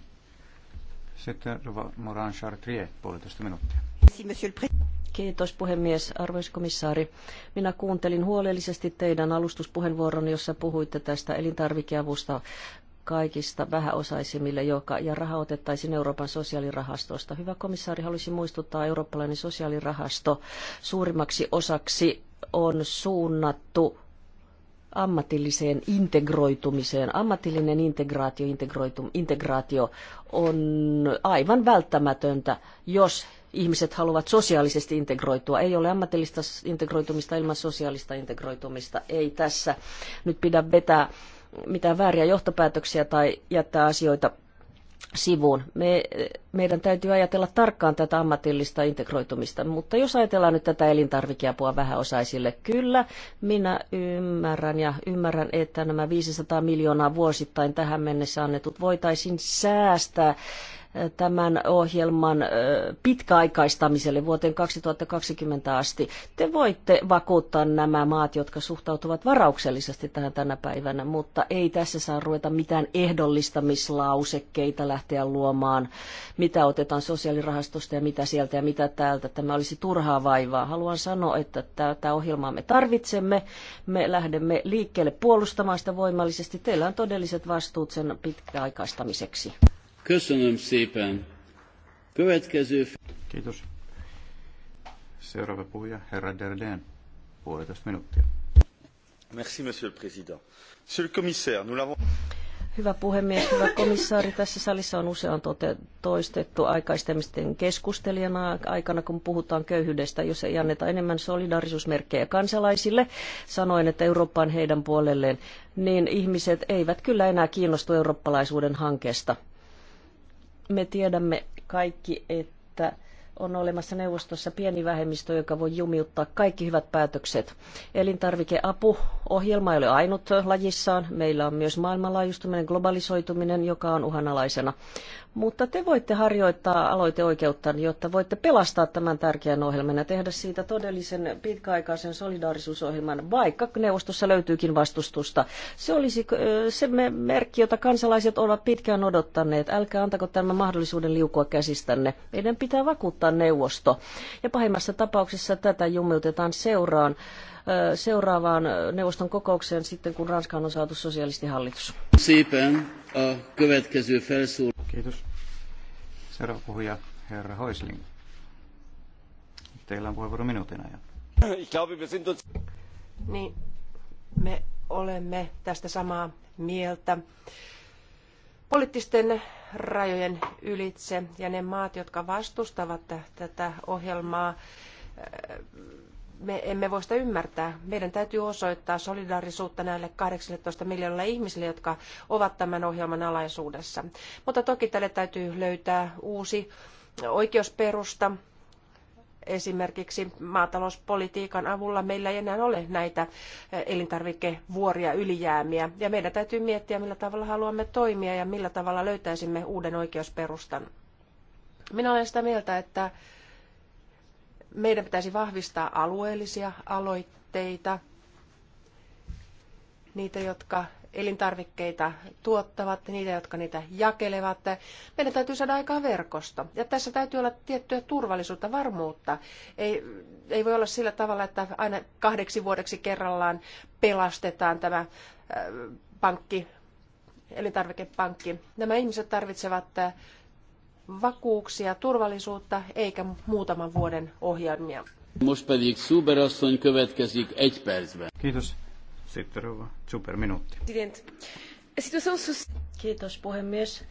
Sitten Moran Chartrier, puolitoista minuuttia. Kiitos puhemies, arvoisa komissaari. Minä kuuntelin huolellisesti teidän alustuspuheenvuoron, jossa puhuitte tästä elintarvikeavusta kaikista vähäosaisimmille, joka, ja raha otettaisiin Euroopan sosiaalirahastosta. Hyvä komissaari, haluaisin muistuttaa eurooppalainen sosiaalirahasto suurimmaksi osaksi on suunnattu ammatilliseen integroitumiseen. Ammatillinen integraatio, integraatio on aivan välttämätöntä, jos ihmiset haluavat sosiaalisesti integroitua. Ei ole ammatillista integroitumista ilman sosiaalista integroitumista. Ei tässä nyt pidä vetää mitään vääriä johtopäätöksiä tai jättää asioita sivuun. Me, meidän täytyy ajatella tarkkaan tätä ammatillista integroitumista, mutta jos ajatellaan nyt tätä elintarvikeapua vähäosaisille, kyllä minä ymmärrän ja ymmärrän, että nämä 500 miljoonaa vuosittain tähän mennessä annetut voitaisiin säästää tämän ohjelman pitkäaikaistamiselle vuoteen 2020 asti. Te voitte vakuuttaa nämä maat, jotka suhtautuvat varauksellisesti tähän tänä päivänä, mutta ei tässä saa ruveta mitään ehdollistamislausekkeita lähteä luomaan, mitä otetaan sosiaalirahastosta ja mitä sieltä ja mitä täältä. Tämä olisi turhaa vaivaa. Haluan sanoa, että tätä ohjelmaa me tarvitsemme. Me lähdemme liikkeelle puolustamaan sitä voimallisesti. Teillä on todelliset vastuut sen pitkäaikaistamiseksi. Köszönöm szépen. Következő... Kiitos. Seuraava puhuja, herra Derden. Puolitoista minuuttia. Merci, monsieur le président. Monsieur le commissaire, nous l'avons... Hyvä puhemies, hyvä komissaari. Tässä salissa on usein toistettu aikaistemisten keskustelijana aikana, kun puhutaan köyhyydestä, jos ei anneta enemmän solidaarisuusmerkkejä kansalaisille. Sanoin, että Eurooppa heidän puolelleen, niin ihmiset eivät kyllä enää kiinnostu eurooppalaisuuden hankkeesta. Me tiedämme kaikki, että on olemassa neuvostossa pieni vähemmistö, joka voi jumiuttaa kaikki hyvät päätökset. Elintarvikeapu, ohjelma ei ole ainut lajissaan. Meillä on myös maailmanlaajuistuminen, globalisoituminen, joka on uhanalaisena. Mutta te voitte harjoittaa aloiteoikeutta, jotta voitte pelastaa tämän tärkeän ohjelman ja tehdä siitä todellisen pitkäaikaisen solidaarisuusohjelman, vaikka neuvostossa löytyykin vastustusta. Se olisi se merkki, jota kansalaiset ovat pitkään odottaneet. Älkää antako tämän mahdollisuuden liukua käsistänne. Meidän pitää vakuuttaa neuvosto. Ja pahimmassa tapauksessa tätä jumiutetaan seuraan seuraavaan neuvoston kokoukseen sitten, kun Ranskaan on saatu sosialistihallitus. Kiitos. Seuraava puhuja, herra Häusling. Teillä on puheenvuoro minuutin ajan. Niin, me olemme tästä samaa mieltä poliittisten rajojen ylitse ja ne maat, jotka vastustavat tätä ohjelmaa, me emme voi sitä ymmärtää. Meidän täytyy osoittaa solidaarisuutta näille 18 miljoonalle ihmisille, jotka ovat tämän ohjelman alaisuudessa. Mutta toki tälle täytyy löytää uusi oikeusperusta. Esimerkiksi maatalouspolitiikan avulla meillä ei enää ole näitä eh, elintarvikevuoria ylijäämiä. Ja meidän täytyy miettiä, millä tavalla haluamme toimia ja millä tavalla löytäisimme uuden oikeusperustan. Minä olen sitä mieltä, että meidän pitäisi vahvistaa alueellisia aloitteita, niitä, jotka elintarvikkeita tuottavat, niitä, jotka niitä jakelevat. Meidän täytyy saada aikaan verkosto. Ja tässä täytyy olla tiettyä turvallisuutta, varmuutta. Ei, ei voi olla sillä tavalla, että aina kahdeksi vuodeksi kerrallaan pelastetaan tämä äh, pankki, elintarvikepankki. Nämä ihmiset tarvitsevat äh, vakuuksia, turvallisuutta eikä muutaman vuoden ohjelmia. Kiitos. Sitten rouva Zuber minuutti. Kiitos puhemies.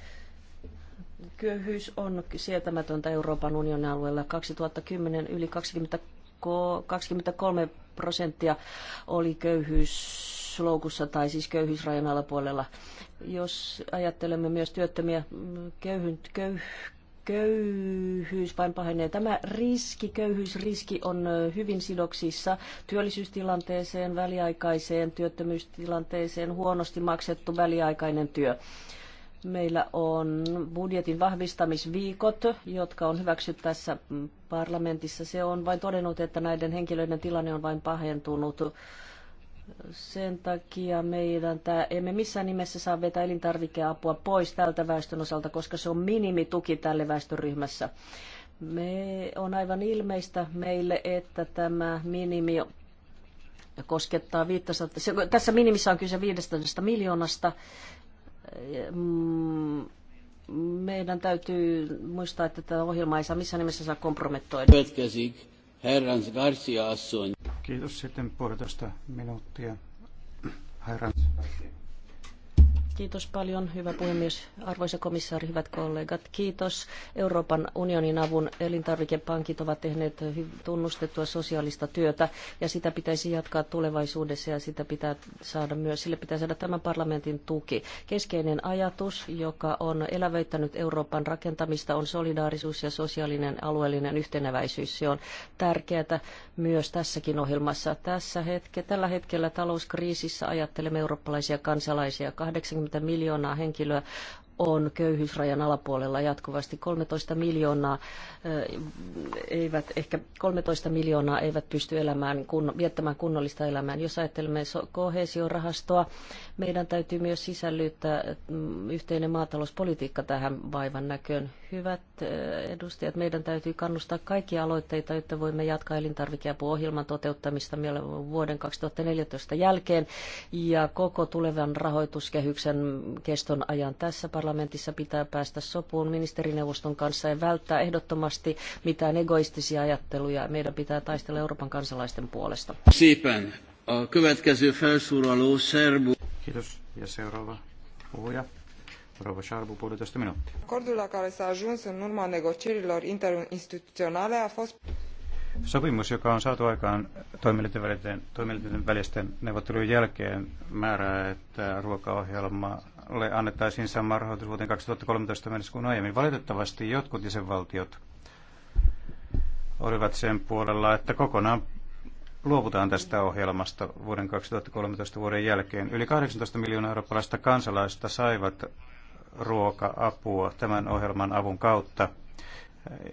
Köyhyys on sietämätöntä Euroopan unionin alueella. 2010 yli 20, 23 prosenttia oli köyhyys köyhyysloukussa tai siis köyhyysrajan alapuolella. Jos ajattelemme myös työttömiä, köyhyn, köy, köyhyys vain pahenee. Tämä riski, köyhyysriski on hyvin sidoksissa työllisyystilanteeseen, väliaikaiseen työttömyystilanteeseen, huonosti maksettu väliaikainen työ. Meillä on budjetin vahvistamisviikot, jotka on hyväksytty tässä parlamentissa. Se on vain todennut, että näiden henkilöiden tilanne on vain pahentunut sen takia meidän tämä, emme missään nimessä saa vetää elintarvikeapua pois tältä väestön osalta, koska se on minimituki tälle väestöryhmässä. Me on aivan ilmeistä meille, että tämä minimi koskettaa 500, se, tässä minimissä on kyse 500 miljoonasta. Mm, meidän täytyy muistaa, että tämä ohjelma ei saa missään nimessä saa kompromettoida. Herrans Garcia asson Kiitos sitten puolitoista minuuttia. Herrans Kiitos paljon, hyvä puhemies, arvoisa komissaari, hyvät kollegat. Kiitos. Euroopan unionin avun elintarvikepankit ovat tehneet tunnustettua sosiaalista työtä ja sitä pitäisi jatkaa tulevaisuudessa ja sitä pitää saada myös, sille pitää saada tämän parlamentin tuki. Keskeinen ajatus, joka on elävöittänyt Euroopan rakentamista, on solidaarisuus ja sosiaalinen alueellinen yhteneväisyys. Se on tärkeää myös tässäkin ohjelmassa. Tässä hetke, tällä hetkellä talouskriisissä ajattelemme eurooppalaisia kansalaisia. 80 kaksikymmentä miljoonaa henkilöä on köyhyysrajan alapuolella jatkuvasti. 13 miljoonaa eh, eivät, ehkä 13 miljoonaa eivät pysty elämään, kun, viettämään kunnollista elämää. Jos ajattelemme kohesiorahastoa, meidän täytyy myös sisällyttää mm, yhteinen maatalouspolitiikka tähän vaivan näköön. Hyvät eh, edustajat, meidän täytyy kannustaa kaikkia aloitteita, jotta voimme jatkaa elintarvikeapuohjelman toteuttamista vuoden 2014 jälkeen ja koko tulevan rahoituskehyksen keston ajan tässä parlamentissa parlamentissa pitää päästä sopuun ministerineuvoston kanssa ja välttää ehdottomasti mitään egoistisia ajatteluja. Meidän pitää taistella Euroopan kansalaisten puolesta. Siipen. Következő felszólaló Serbu. Kiitos. Ja seuraava puhuja. Rova Sarbu, puolitoista minuuttia. Acordul la care s-a ajuns în urma negocierilor interinstituționale a fost... Sopimus, joka on saatu aikaan toimielinten välisten neuvottelujen jälkeen, määrää, että ruokaohjelmalle annettaisiin sama rahoitus vuoteen 2013 mennessä kuin aiemmin. Valitettavasti jotkut jäsenvaltiot olivat sen puolella, että kokonaan luovutaan tästä ohjelmasta vuoden 2013 vuoden jälkeen. Yli 18 miljoonaa eurooppalaista kansalaista saivat ruoka-apua tämän ohjelman avun kautta.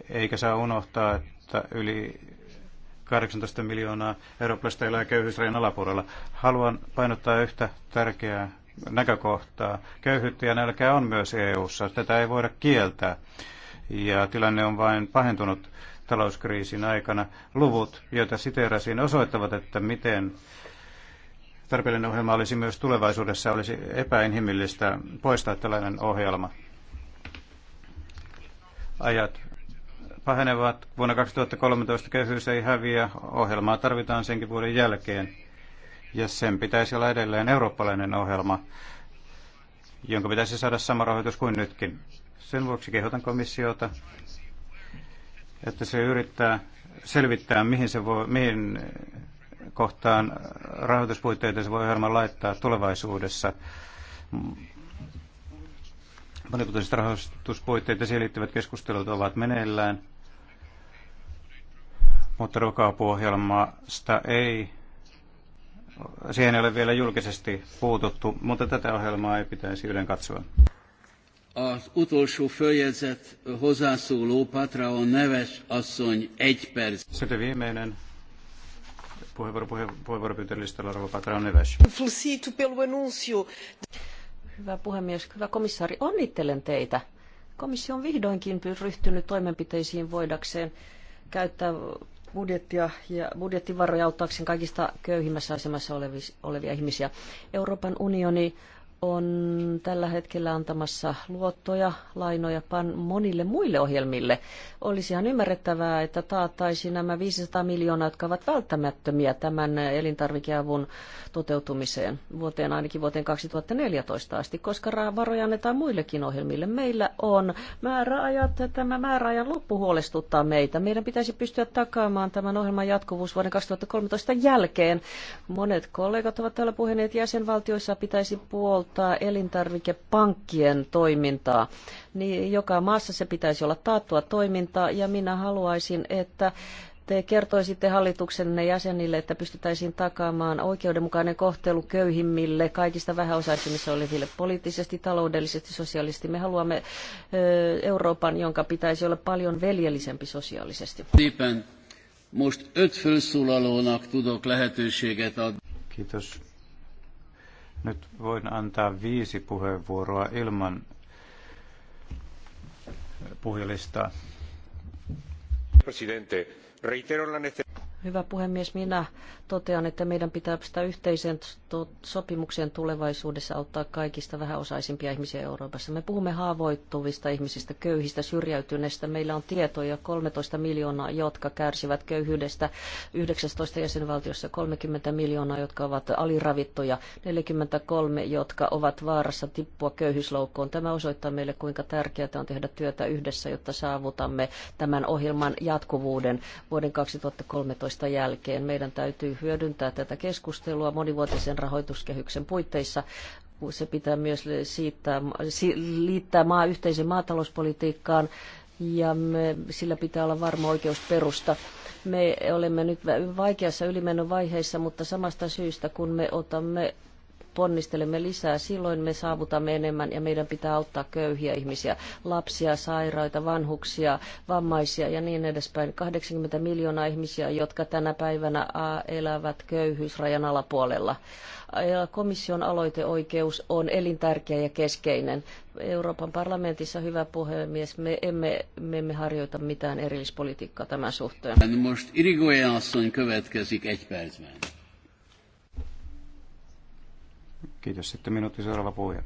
Eikä saa unohtaa, että yli 18 miljoonaa eurooppalaista elää köyhyysrajan alapuolella. Haluan painottaa yhtä tärkeää näkökohtaa. Köyhyyttä ja nälkää on myös EU:ssa. Tätä ei voida kieltää. Ja tilanne on vain pahentunut talouskriisin aikana. Luvut, joita siteerasin, osoittavat, että miten tarpeellinen ohjelma olisi myös tulevaisuudessa, olisi epäinhimillistä poistaa tällainen ohjelma. Ajat pahenevat. Vuonna 2013 kehys ei häviä. Ohjelmaa tarvitaan senkin vuoden jälkeen. Ja sen pitäisi olla edelleen eurooppalainen ohjelma, jonka pitäisi saada sama rahoitus kuin nytkin. Sen vuoksi kehotan komissiota, että se yrittää selvittää, mihin, se voi, mihin kohtaan rahoituspuitteita se voi ohjelma laittaa tulevaisuudessa Monikuntaiset rahoituspuitteet ja siihen liittyvät keskustelut ovat meneillään mutta ruoka-apuohjelmasta ei, siihen ei ole vielä julkisesti puututtu, mutta tätä ohjelmaa ei pitäisi yhden katsoa. Az utolsó följegyzett hozzászóló Patra Patraon neves asszony egy perc. Sitten viimeinen puheenvuoro, puheenvuoro pyytölistalla Rova Patraon neves. Felicito pelo anuncio. Hyvä puhemies, hyvä komissaari, onnittelen teitä. Komissio on vihdoinkin ryhtynyt toimenpiteisiin voidakseen käyttää budjettia ja budjettivaroja auttaakseen kaikista köyhimmässä asemassa olevia ihmisiä. Euroopan unioni on tällä hetkellä antamassa luottoja, lainoja pan monille muille ohjelmille. Olisi ihan ymmärrettävää, että taattaisi nämä 500 miljoonaa, jotka ovat välttämättömiä tämän elintarvikeavun toteutumiseen vuoteen ainakin vuoteen 2014 asti, koska varoja annetaan muillekin ohjelmille. Meillä on määräajat, tämä määräajan loppu huolestuttaa meitä. Meidän pitäisi pystyä takaamaan tämän ohjelman jatkuvuus vuoden 2013 jälkeen. Monet kollegat ovat täällä puhuneet jäsenvaltioissa pitäisi puolta rajoittaa elintarvikepankkien toimintaa. Niin joka maassa se pitäisi olla taattua toimintaa ja minä haluaisin, että te kertoisitte hallituksenne jäsenille, että pystyttäisiin takaamaan oikeudenmukainen kohtelu köyhimmille, kaikista vähäosaisimmissa oleville poliittisesti, taloudellisesti, sosiaalisesti. Me haluamme Euroopan, jonka pitäisi olla paljon veljellisempi sosiaalisesti. Kiitos. Nyt voin antaa viisi puheenvuoroa ilman puhujalistaa. Presidente, reitero la Hyvä puhemies, minä totean, että meidän pitää päästä yhteiseen sopimukseen tulevaisuudessa auttaa kaikista vähäosaisimpia ihmisiä Euroopassa. Me puhumme haavoittuvista ihmisistä, köyhistä, syrjäytyneistä. Meillä on tietoja 13 miljoonaa, jotka kärsivät köyhyydestä 19 jäsenvaltiossa, 30 miljoonaa, jotka ovat aliravittuja, 43, jotka ovat vaarassa tippua köyhyysloukkoon. Tämä osoittaa meille, kuinka tärkeää on tehdä työtä yhdessä, jotta saavutamme tämän ohjelman jatkuvuuden vuoden 2013 2013 jälkeen. Meidän täytyy hyödyntää tätä keskustelua monivuotisen rahoituskehyksen puitteissa. Se pitää myös siitä, liittää maa yhteisen maatalouspolitiikkaan ja me, sillä pitää olla varma oikeusperusta. Me olemme nyt vaikeassa ylimenon vaiheessa, mutta samasta syystä kun me otamme ponnistelemme lisää, silloin me saavutamme enemmän ja meidän pitää auttaa köyhiä ihmisiä, lapsia, sairaita, vanhuksia, vammaisia ja niin edespäin. 80 miljoonaa ihmisiä, jotka tänä päivänä elävät köyhyysrajan alapuolella komission aloiteoikeus on elintärkeä ja keskeinen. Euroopan parlamentissa, hyvä puhemies, me emme, me emme harjoita mitään erillispolitiikkaa tämän suhteen. Most Irigoyen asszony következik egy Kiitos. Sitten minuutti seuraava puhuja.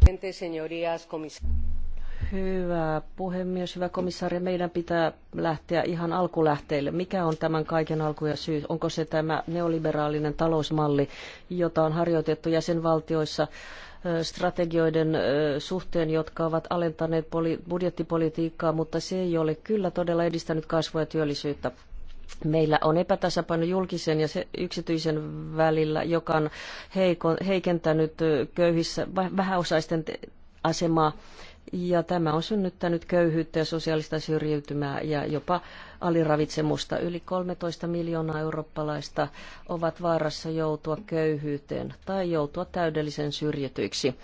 Hyvä puhemies, hyvä komissaari. Meidän pitää lähteä ihan alkulähteille. Mikä on tämän kaiken alku ja syy? Onko se tämä neoliberaalinen talousmalli, jota on harjoitettu jäsenvaltioissa strategioiden suhteen, jotka ovat alentaneet budjettipolitiikkaa, mutta se ei ole kyllä todella edistänyt kasvua ja työllisyyttä. Meillä on epätasapaino julkisen ja yksityisen välillä, joka on heikon, heikentänyt köyhissä vähäosaisten asemaa. Ja tämä on synnyttänyt köyhyyttä ja sosiaalista syrjäytymää ja jopa aliravitsemusta. Yli 13 miljoonaa eurooppalaista ovat vaarassa joutua köyhyyteen tai joutua täydellisen syrjityiksi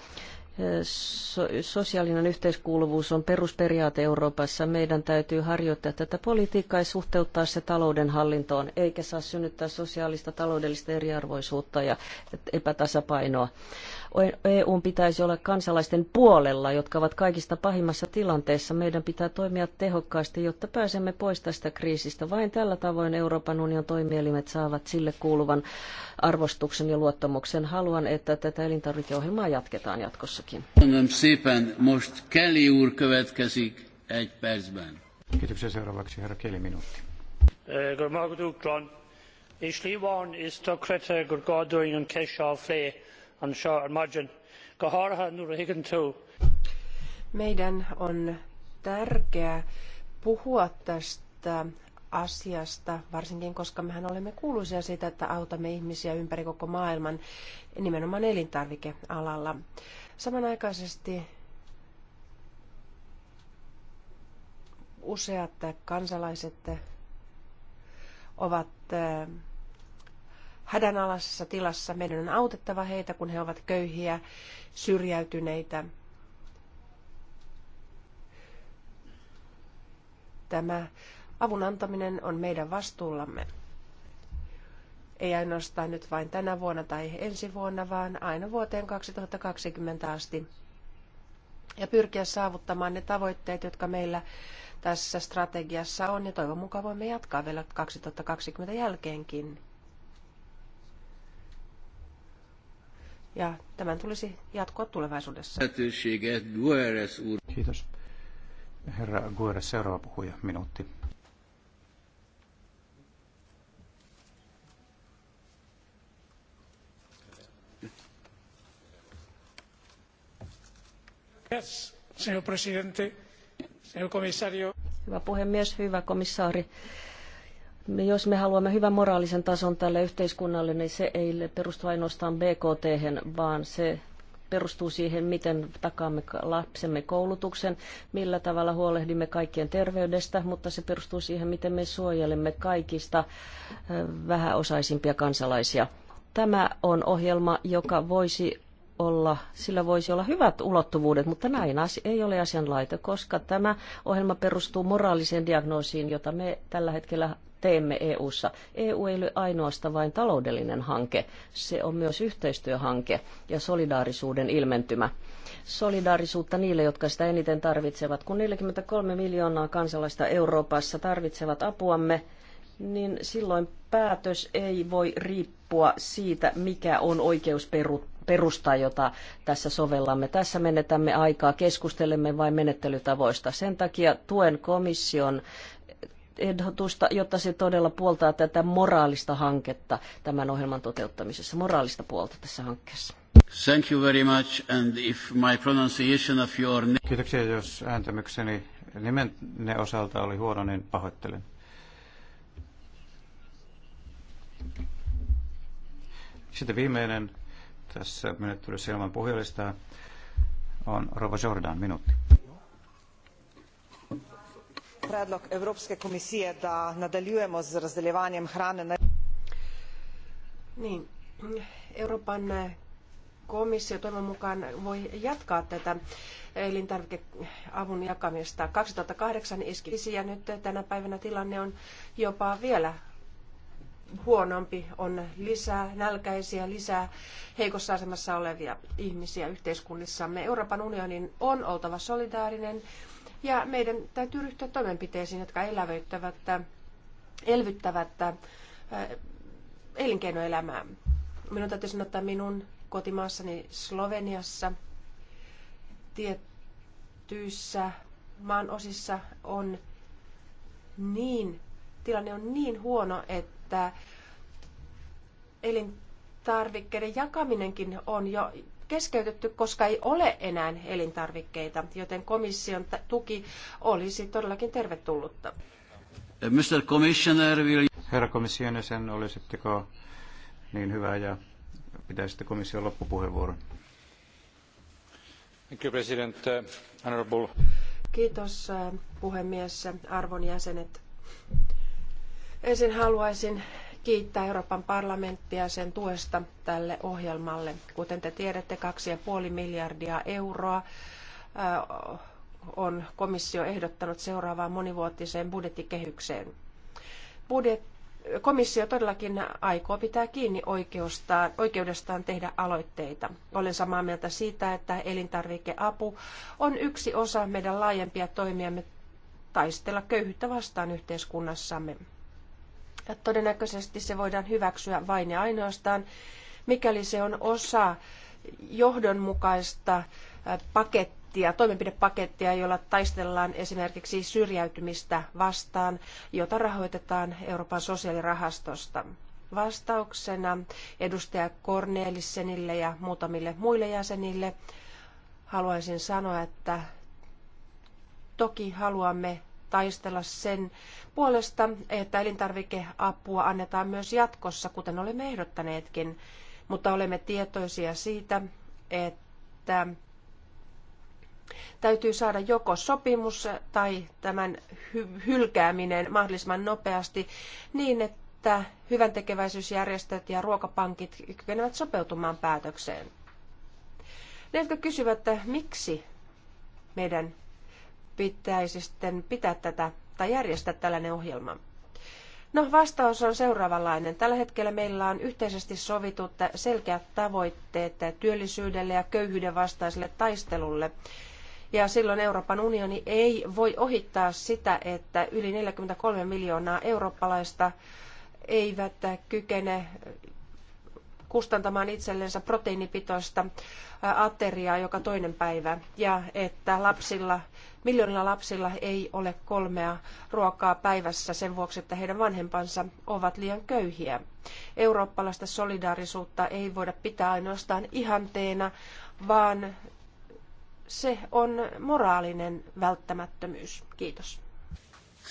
sosiaalinen yhteiskuuluvuus on perusperiaate Euroopassa. Meidän täytyy harjoittaa tätä politiikkaa ja suhteuttaa se talouden hallintoon, eikä saa synnyttää sosiaalista taloudellista eriarvoisuutta ja epätasapainoa. EUn e pitäisi olla kansalaisten puolella, jotka ovat kaikista pahimmassa tilanteessa. Meidän pitää toimia tehokkaasti, jotta pääsemme pois tästä kriisistä. Vain tällä tavoin Euroopan union toimielimet saavat sille kuuluvan arvostuksen ja luottamuksen. Haluan, että tätä elintarvikeohjelmaa jatketaan jatkossakin. Kiitoksia seuraavaksi herra Keli minuutti. Good morning, Ishlíháin is do crite gur gáúin an ceisio meidän on tärkeää puhua tästä asiasta, varsinkin koska mehän olemme kuuluisia siitä, että autamme ihmisiä ympäri koko maailman nimenomaan elintarvikealalla. Samanaikaisesti useat kansalaiset ovat hädänalaisessa tilassa. Meidän on autettava heitä, kun he ovat köyhiä, syrjäytyneitä. Tämä avun antaminen on meidän vastuullamme. Ei ainoastaan nyt vain tänä vuonna tai ensi vuonna, vaan aina vuoteen 2020 asti. Ja pyrkiä saavuttamaan ne tavoitteet, jotka meillä tässä strategiassa on, ja toivon mukaan voimme jatkaa vielä 2020 jälkeenkin. ja tämän tulisi jatkoa tulevaisuudessa. Kiitos. Herra Guerres. seuraava puhuja, minuutti. señor presidente señor komissario hyvä puhemies hyvä komissaari jos me haluamme hyvän moraalisen tason tälle yhteiskunnalle, niin se ei perustu ainoastaan BKT, vaan se perustuu siihen, miten takaamme lapsemme koulutuksen, millä tavalla huolehdimme kaikkien terveydestä, mutta se perustuu siihen, miten me suojelemme kaikista vähäosaisimpia kansalaisia. Tämä on ohjelma, joka voisi olla, sillä voisi olla hyvät ulottuvuudet, mutta näin ei ole asianlaita, koska tämä ohjelma perustuu moraaliseen diagnoosiin, jota me tällä hetkellä teemme EU:ssa. EU ei ole ainoastaan vain taloudellinen hanke, se on myös yhteistyöhanke ja solidaarisuuden ilmentymä solidaarisuutta niille, jotka sitä eniten tarvitsevat. Kun 43 miljoonaa kansalaista Euroopassa tarvitsevat apuamme, niin silloin päätös ei voi riippua siitä, mikä on oikeusperusta, jota tässä sovellamme. Tässä menetämme aikaa, keskustelemme vain menettelytavoista. Sen takia tuen komission ehdotusta, jotta se todella puoltaa tätä moraalista hanketta tämän ohjelman toteuttamisessa, moraalista puolta tässä hankkeessa. Thank you very much, and if my pronunciation of your... Kiitoksia, jos ääntämykseni nimenne osalta oli huono, niin pahoittelen. Sitten viimeinen tässä menettelyssä ilman puhujalistaa on Rova Jordan, minuutti predlog Evropske komisije, da nadaljujemo z razdeljevanjem hrane. Niin. Euroopan komissio toivon mukaan voi jatkaa tätä elintarvikeavun jakamista. 2008 iskisi ja nyt tänä päivänä tilanne on jopa vielä huonompi, on lisää nälkäisiä, lisää heikossa asemassa olevia ihmisiä yhteiskunnissamme. Euroopan unionin on oltava solidaarinen ja meidän täytyy ryhtyä toimenpiteisiin, jotka elävöittävät, äh, elvyttävät äh, elinkeinoelämää. Minun täytyy sanoa, että minun kotimaassani Sloveniassa tiettyissä maan osissa on niin, tilanne on niin huono, että elintarvikkeiden jakaminenkin on jo keskeytetty, koska ei ole enää elintarvikkeita, joten komission tuki olisi todellakin tervetullutta. Eh, Mr. Commissioner, will... Herra komission jäsen, olisitteko niin hyvä ja pitäisitte komission loppupuheenvuoron? Thank you, President. Eh, Honorable. Kiitos eh, puhemies, arvon jäsenet. Ensin haluaisin kiittää Euroopan parlamenttia sen tuesta tälle ohjelmalle. Kuten te tiedätte, 2,5 miljardia euroa äh, on komissio ehdottanut seuraavaan monivuotiseen budjettikehykseen. Budjet, komissio todellakin aikoo pitää kiinni oikeudestaan tehdä aloitteita. Olen samaa mieltä siitä, että elintarvikeapu on yksi osa meidän laajempia toimiamme taistella köyhyyttä vastaan yhteiskunnassamme. Ja todennäköisesti se voidaan hyväksyä vain ja ainoastaan, mikäli se on osa johdonmukaista pakettia, toimenpidepakettia, jolla taistellaan esimerkiksi syrjäytymistä vastaan, jota rahoitetaan Euroopan sosiaalirahastosta. Vastauksena edustaja Cornelissenille ja muutamille muille jäsenille haluaisin sanoa, että toki haluamme taistella sen puolesta, että elintarvikeapua annetaan myös jatkossa, kuten olemme ehdottaneetkin, mutta olemme tietoisia siitä, että täytyy saada joko sopimus tai tämän hylkääminen mahdollisimman nopeasti niin, että hyvän tekeväisyysjärjestöt ja ruokapankit kykenevät sopeutumaan päätökseen. Ne, jotka kysyvät, että miksi meidän pitäisi sitten pitää tätä tai järjestää tällainen ohjelma? No vastaus on seuraavanlainen. Tällä hetkellä meillä on yhteisesti sovitut selkeät tavoitteet työllisyydelle ja köyhyyden vastaiselle taistelulle. Ja silloin Euroopan unioni ei voi ohittaa sitä, että yli 43 miljoonaa eurooppalaista eivät kykene kustantamaan itsellensä proteiinipitoista ateriaa joka toinen päivä ja että lapsilla Miljoonilla lapsilla ei ole kolmea ruokaa päivässä sen vuoksi, että heidän vanhempansa ovat liian köyhiä. Eurooppalaista solidaarisuutta ei voida pitää ainoastaan ihanteena, vaan se on moraalinen välttämättömyys. Kiitos.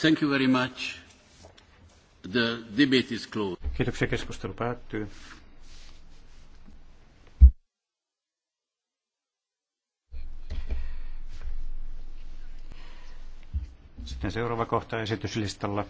Thank you very much. The debate is closed. Kiitoksia. Keskustelu päättyy. Sitten seuraava kohta esityslistalla.